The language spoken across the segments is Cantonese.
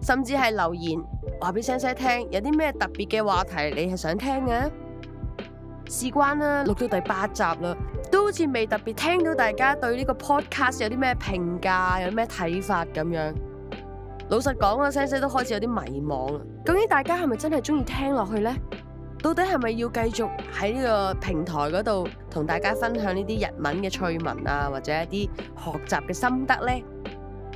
甚至係留言話俾先生聽，有啲咩特別嘅話題你係想聽嘅？事關啦，錄到第八集啦，都好似未特別聽到大家對呢個 Podcast 有啲咩評價，有啲咩睇法咁樣。老實講啊，先生都開始有啲迷茫啦。究竟大家係咪真係中意聽落去呢？到底係咪要繼續喺呢個平台嗰度同大家分享呢啲日文嘅趣聞啊，或者一啲學習嘅心得呢？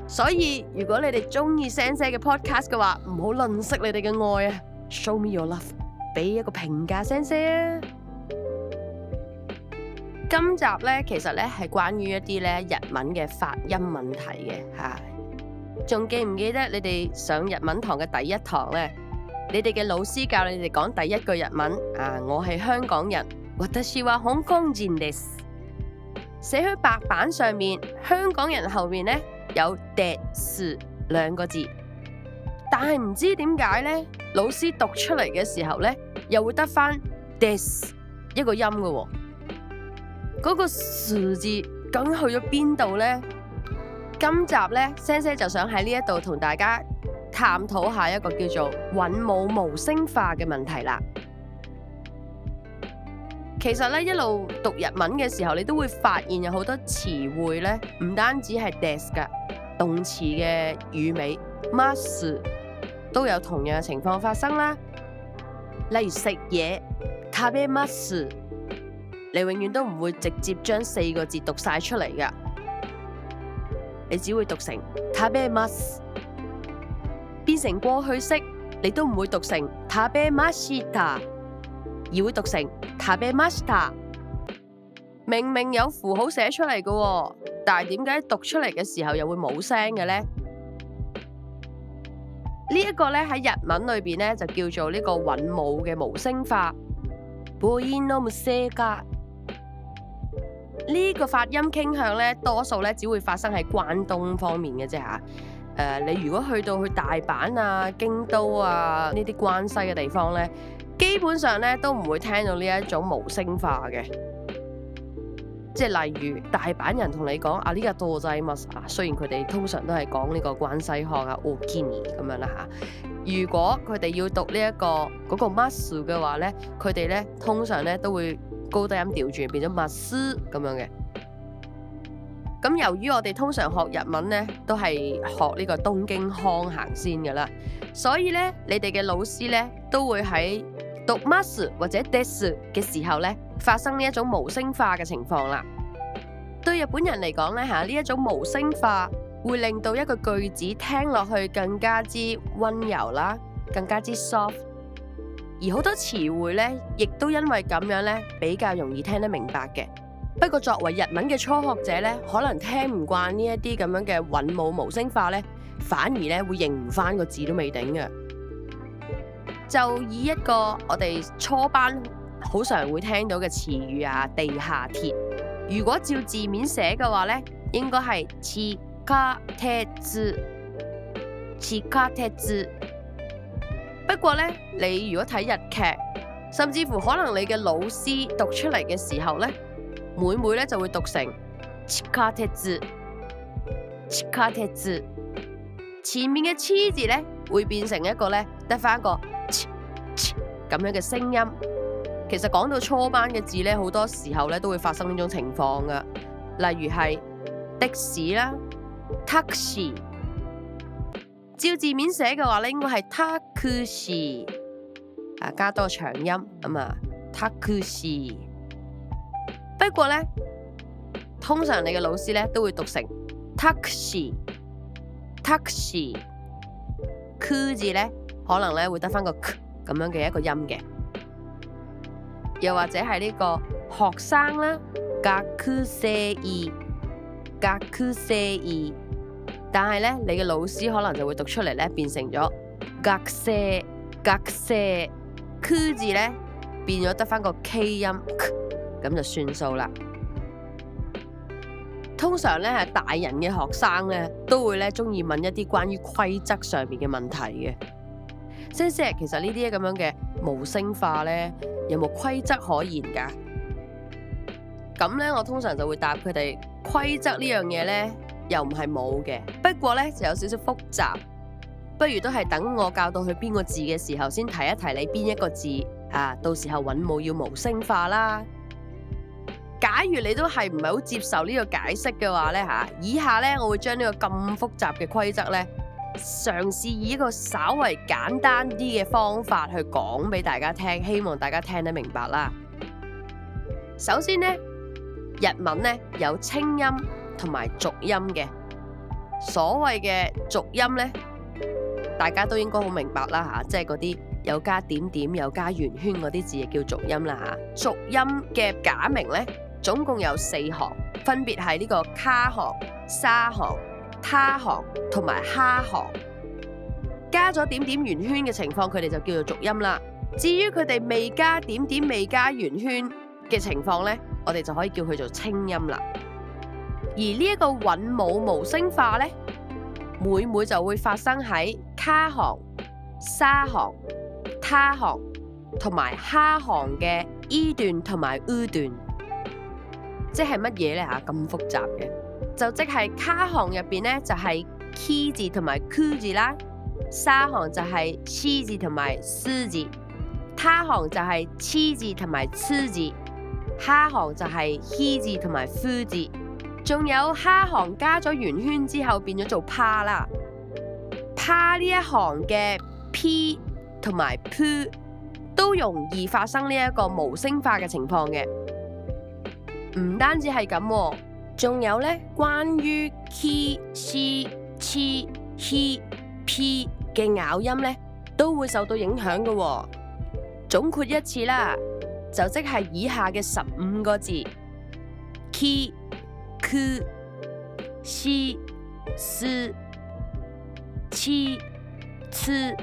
所以如果你哋中意先生嘅 podcast 嘅話，唔好吝嗇你哋嘅愛啊！Show me your love，俾一個評價先生啊。今集咧，其實咧係關於一啲咧日文嘅發音問題嘅吓。仲記唔記得你哋上日文堂嘅第一堂咧？你哋嘅老師教你哋講第一句日文啊！我係香港人，私は香港人です。寫喺白板上面，香港人後面咧。有 desu，兩個字，但係唔知點解咧，老師讀出嚟嘅時候咧，又會得翻 des 一個音噶喎、哦，嗰，那個 su 字究竟去咗邊度咧？今集咧，先生就想喺呢一度同大家探討一下一個叫做韻母無，無聲化嘅問題啦。其實咧，一路讀日文嘅時候，你都會發現有好多詞彙咧，唔單止係 des 噶。動詞嘅語尾 masu 都有同樣嘅情況發生啦，例如食嘢，tabemasu，你永遠都唔會直接將四個字讀晒出嚟㗎，你只會讀成 tabemasu，變成過去式，你都唔會讀成 tabemashita，而會讀成 tabemashita。明明有符號寫出嚟㗎喎。但係點解讀出嚟嘅時候又會冇聲嘅咧？這個、呢一個咧喺日文裏邊咧就叫做呢、這個韻母嘅無聲化。呢、 這個發音傾向咧，多數咧只會發生喺關東方面嘅啫嚇。誒、呃，你如果去到去大阪啊、京都啊呢啲關西嘅地方咧，基本上咧都唔會聽到呢一種無聲化嘅。即係例如大阪人同你講啊呢個度仔物啊，雖然佢哋通常都係講呢個關西腔啊，オキニ咁樣啦吓，如果佢哋要讀、這個那個、呢一個嗰個 masu 嘅話咧，佢哋咧通常咧都會高低音調轉變咗 masu 咁樣嘅。咁由於我哋通常學日文咧，都係學呢個東京腔行先噶啦，所以咧你哋嘅老師咧都會喺讀 mas u，或者 des 嘅時候呢，發生呢一種無聲化嘅情況啦。對日本人嚟講呢，吓呢一種無聲化會令到一個句子聽落去更加之溫柔啦，更加之 soft。而好多詞彙呢，亦都因為咁樣呢比較容易聽得明白嘅。不過作為日文嘅初學者呢，可能聽唔慣呢一啲咁樣嘅韻母無聲化呢，反而呢會認唔翻個字都未定嘅。就以一個我哋初班好常會聽到嘅詞語啊，地下鐵。如果照字面寫嘅話咧，應該係切卡鐵字，切卡鐵字。不過咧，你如果睇日劇，甚至乎可能你嘅老師讀出嚟嘅時候咧，妹妹咧就會讀成切卡鐵字，切卡鐵字。前面嘅黐字咧會變成一個咧得返個。咁樣嘅聲音，其實講到初班嘅字咧，好多時候咧都會發生呢種情況噶。例如係的士啦，taxi，照字面寫嘅話咧，應該係 takushi，啊加多個長音咁啊，takushi。不過咧，通常你嘅老師咧都會讀成 taxi，taxi，k 字咧可能咧會得返個。咁樣嘅一個音嘅，又或者係呢個學生啦，格格學生啦，但係咧，你嘅老師可能就會讀出嚟咧，變成咗格生，格生，く字咧變咗得翻個 K 音，咁就算數啦。通常咧係大人嘅學生咧都會咧中意問一啲關於規則上面嘅問題嘅。先生其實呢啲咁樣嘅無聲化呢，有冇規則可言㗎？咁呢，我通常就會答佢哋規則呢樣嘢呢，又唔係冇嘅，不過呢，就有少少複雜，不如都係等我教到去邊個字嘅時候，先提一提你邊一個字啊，到時候揾冇要無聲化啦。假如你都係唔係好接受呢個解釋嘅話呢，吓、啊，以下呢，我會將呢個咁複雜嘅規則呢。」嘗試以一個稍為簡單啲嘅方法去講俾大家聽，希望大家聽得明白啦。首先呢，日文呢有清音同埋濁音嘅。所謂嘅濁音呢，大家都應該好明白啦吓，即係嗰啲有加點點、有加圓圈嗰啲字，亦叫濁音啦吓。濁音嘅假名呢，總共有四行，分別係呢個卡行、沙行。他行同埋哈行加咗點點圓圈嘅情況，佢哋就叫做濁音啦。至於佢哋未加點點、未加圓圈嘅情況呢，我哋就可以叫佢做清音啦。而呢一個韻母無聲化呢，每每就會發生喺卡行、沙行、他行同埋哈行嘅 i 段同埋 u 段，即係乜嘢呢？吓咁複雜嘅？就即係か行入邊咧，就係、是、キ字同埋ク字啦。沙行就係シ字同埋ス字。他行就係チ字同埋ツ字。哈行就係ヒ字同埋フ字。仲有哈行加咗圓圈之後變咗做趴啦。趴呢一行嘅ピ同埋プ都容易發生呢一個無聲化嘅情況嘅。唔單止係咁、哦。仲有咧，關於 ki、shi、chi、hi、pi 嘅咬音咧，都會受到影響嘅、哦。總括一次啦，就即係以下嘅十五個字：ki、ku、shi、su ki, ku, shi, su, chi, tsu,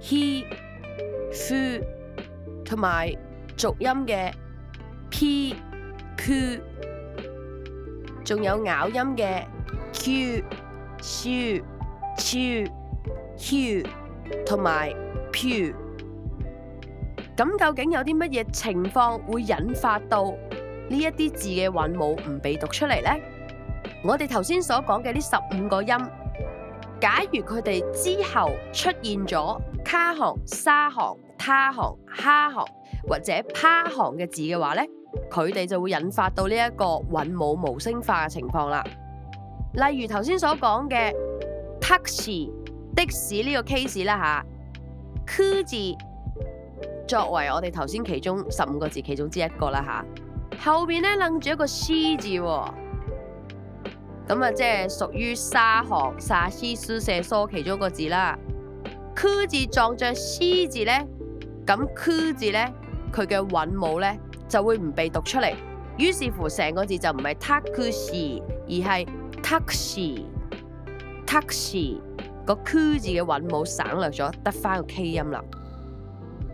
hi, fu,、chi、tsu、hi、fu，同埋濁音嘅 pi、ku。仲有咬音嘅 q、sh、ch、h 同埋 p。咁究竟有啲乜嘢情況會引發到呢一啲字嘅韻母唔被讀出嚟咧？我哋頭先所講嘅呢十五個音，假如佢哋之後出現咗卡行、沙行、他行、哈行或者趴行嘅字嘅話咧？佢哋就會引發到呢一個韻母無聲化嘅情況啦。例如頭先所講嘅 taxi 的士呢個 case 啦、啊，吓 ku 字作為我哋頭先其中十五個字其中之一個啦吓、啊，後邊咧楞住一個 c 字、哦，咁啊，即係屬於沙行」、「沙 c 書射疏其中一個字啦。ku、啊、字撞着「c 字咧，咁 ku 字咧，佢嘅韻母咧？就會唔被讀出嚟，於是乎成個字就唔係タクシー，而係タクシータクシー。個ク字嘅韻母省略咗，得返個 k 音啦。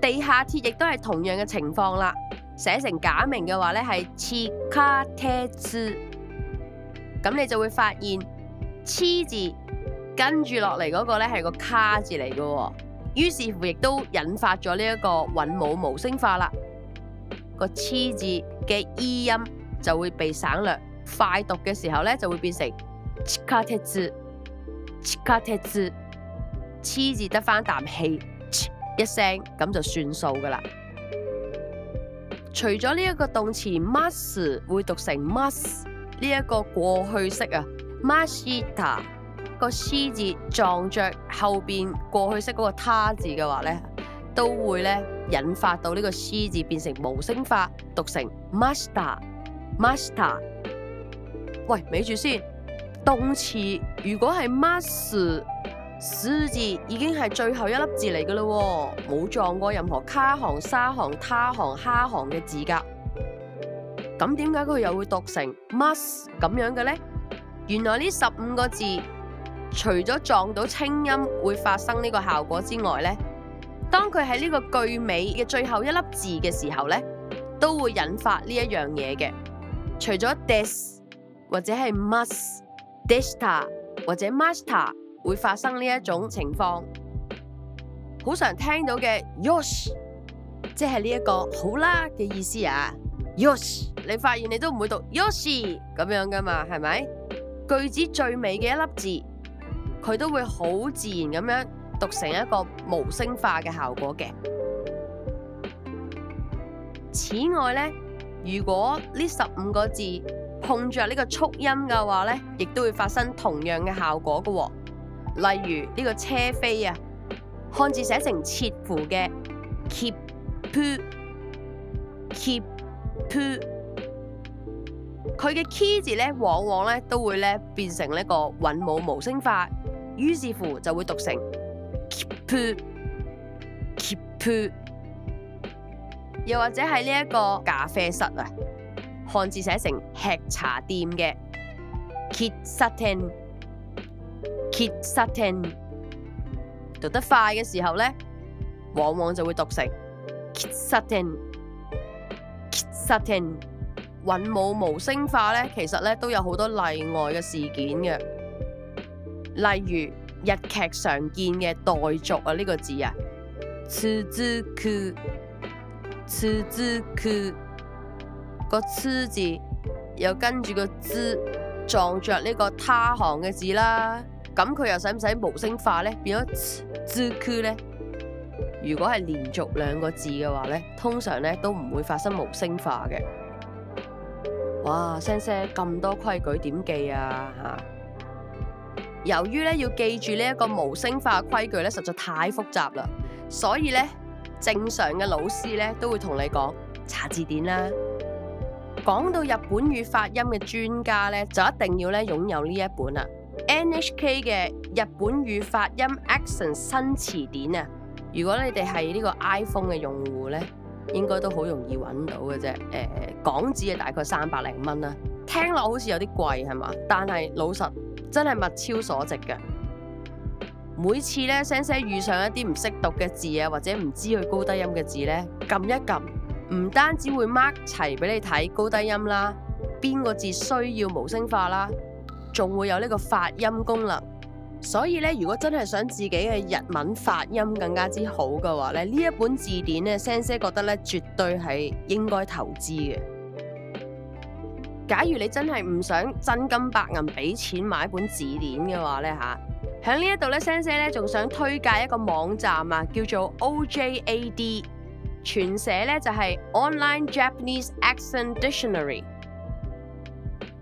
地下鐵亦都係同樣嘅情況啦。寫成假名嘅話咧，係チカテツ。咁你就會發現，「痴」字跟住落嚟嗰個咧係個卡字嚟㗎喎。於是乎亦都引發咗呢一個韻母無聲化啦。個「痴」字嘅伊音就會被省略，快讀嘅時候咧就會變成切卡踢字，切卡踢字，「痴」字得返啖氣切一聲，咁就算數噶啦。除咗呢一個動詞 masu 會讀成 masu 呢一、這個過去式啊，mashita 個黐字撞着後邊過去式嗰個他字嘅話咧，都會咧。引發到呢個師字變成無聲化，讀成 master，master master。喂，咪住先，動詞如果係 m a s 師字已經係最後一粒字嚟㗎喇，冇撞過任何卡行、沙行、他行、蝦行嘅字㗎。咁點解佢又會讀成 m a s 咁樣嘅咧？原來呢十五個字，除咗撞到清音會發生呢個效果之外咧。當佢喺呢個句尾嘅最後一粒字嘅時候咧，都會引發呢一樣嘢嘅。除咗 des 或者係 must deshta 或者 master 會發生呢一種情況，好常聽到嘅 yosh，即係呢一個好啦嘅意思啊。yosh，你發現你都唔會讀 yoshi 咁樣噶嘛，係咪？句子最尾嘅一粒字，佢都會好自然咁樣。讀成一個無聲化嘅效果嘅。此外咧，如果呢十五個字碰着個速呢個促音嘅話咧，亦都會發生同樣嘅效果噶、哦。例如呢、這個車飛啊，漢字寫成切符嘅切鋪切鋪，佢嘅 key 字咧，往往咧都會咧變成呢個韻母無聲化，於是乎就會讀成。鋪、kippu，又或者係呢一個咖啡室啊，漢字寫成吃茶店嘅，kissaten、kissaten，讀得快嘅時候咧，往往就會讀成 kissaten、kissaten。韻母無聲化咧，其實咧都有好多例外嘅事件嘅，例如。日劇常見嘅待續啊，呢、這個字啊，続く、続く個「つ」字又跟住、那個之撞着呢個他行嘅字啦，咁佢又使唔使無聲化咧？變咗之佢咧？如果係連續兩個字嘅話咧，通常咧都唔會發生無聲化嘅。哇，先生咁多規矩點記啊？嚇！由於咧要記住呢一個無聲化規矩咧，實在太複雜啦，所以咧正常嘅老師咧都會同你講查字典啦。講到日本語發音嘅專家咧，就一定要咧擁有呢一本啦，NHK 嘅日本語發音 Accent 新詞典啊。如果你哋係呢個 iPhone 嘅用戶咧，應該都好容易揾到嘅啫。誒、呃、港紙啊，大概三百零蚊啦，聽落好似有啲貴係嘛，但係老實。真係物超所值嘅。每次咧先生遇上一啲唔識讀嘅字啊，或者唔知佢高低音嘅字呢，撳一撳，唔單止會 mark 齊俾你睇高低音啦，邊個字需要無聲化啦，仲會有呢個發音功能。所以呢，如果真係想自己嘅日文發音更加之好嘅話咧，呢一本字典咧先生覺得呢，絕對係應該投資嘅。假如你真係唔想真金白銀俾錢買本字典嘅話咧嚇，喺、啊、呢一度咧 Sensei 咧仲想推介一個網站啊，叫做 OJAD，全寫咧就係、是、Online Japanese Accent Dictionary。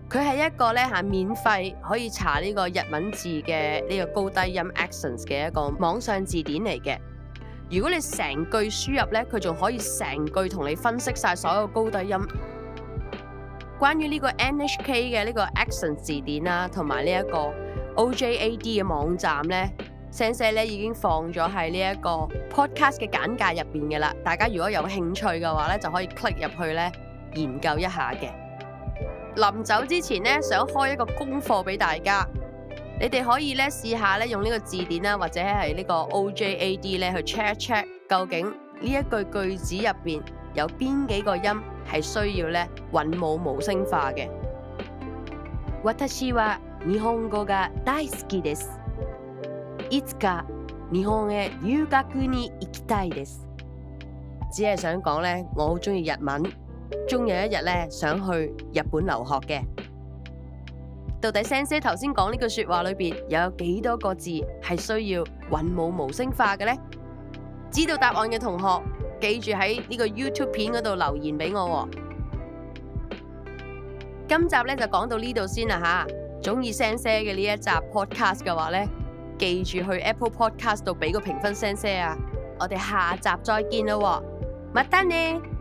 佢係一個咧嚇、啊、免費可以查呢個日文字嘅呢、這個高低音 Accent 嘅一個網上字典嚟嘅。如果你成句輸入咧，佢仲可以成句同你分析晒所有高低音。關於呢個 NHK 嘅呢個 Accent 字典啦、啊，同埋呢一個 OJAD 嘅網站呢，先生咧已經放咗喺呢一個 podcast 嘅簡介入邊嘅啦。大家如果有興趣嘅話呢，就可以 click 入去呢研究一下嘅。臨走之前呢，想開一個功課俾大家，你哋可以呢試下呢用呢個字典啦、啊，或者係呢個 OJAD 呢去 check check，究竟呢一句句子入邊。有邊幾個音係需要咧韻母無聲化嘅？私は日本語が大好きです。いつか日本へ留學に行きたいです。只係想講咧，我好鍾意日文，終有一日咧想去日本留學嘅。到底先生頭先講呢句説話裏邊又有幾多個字係需要韻母無,無聲化嘅咧？知道答案嘅同學。記住喺呢個 YouTube 片嗰度留言俾我哦。今集呢就講到呢度先啦吓。中意先生嘅呢一集 Podcast 嘅話呢，記住去 Apple Podcast 度俾個評分先生啊！我哋下集再見啦，またね。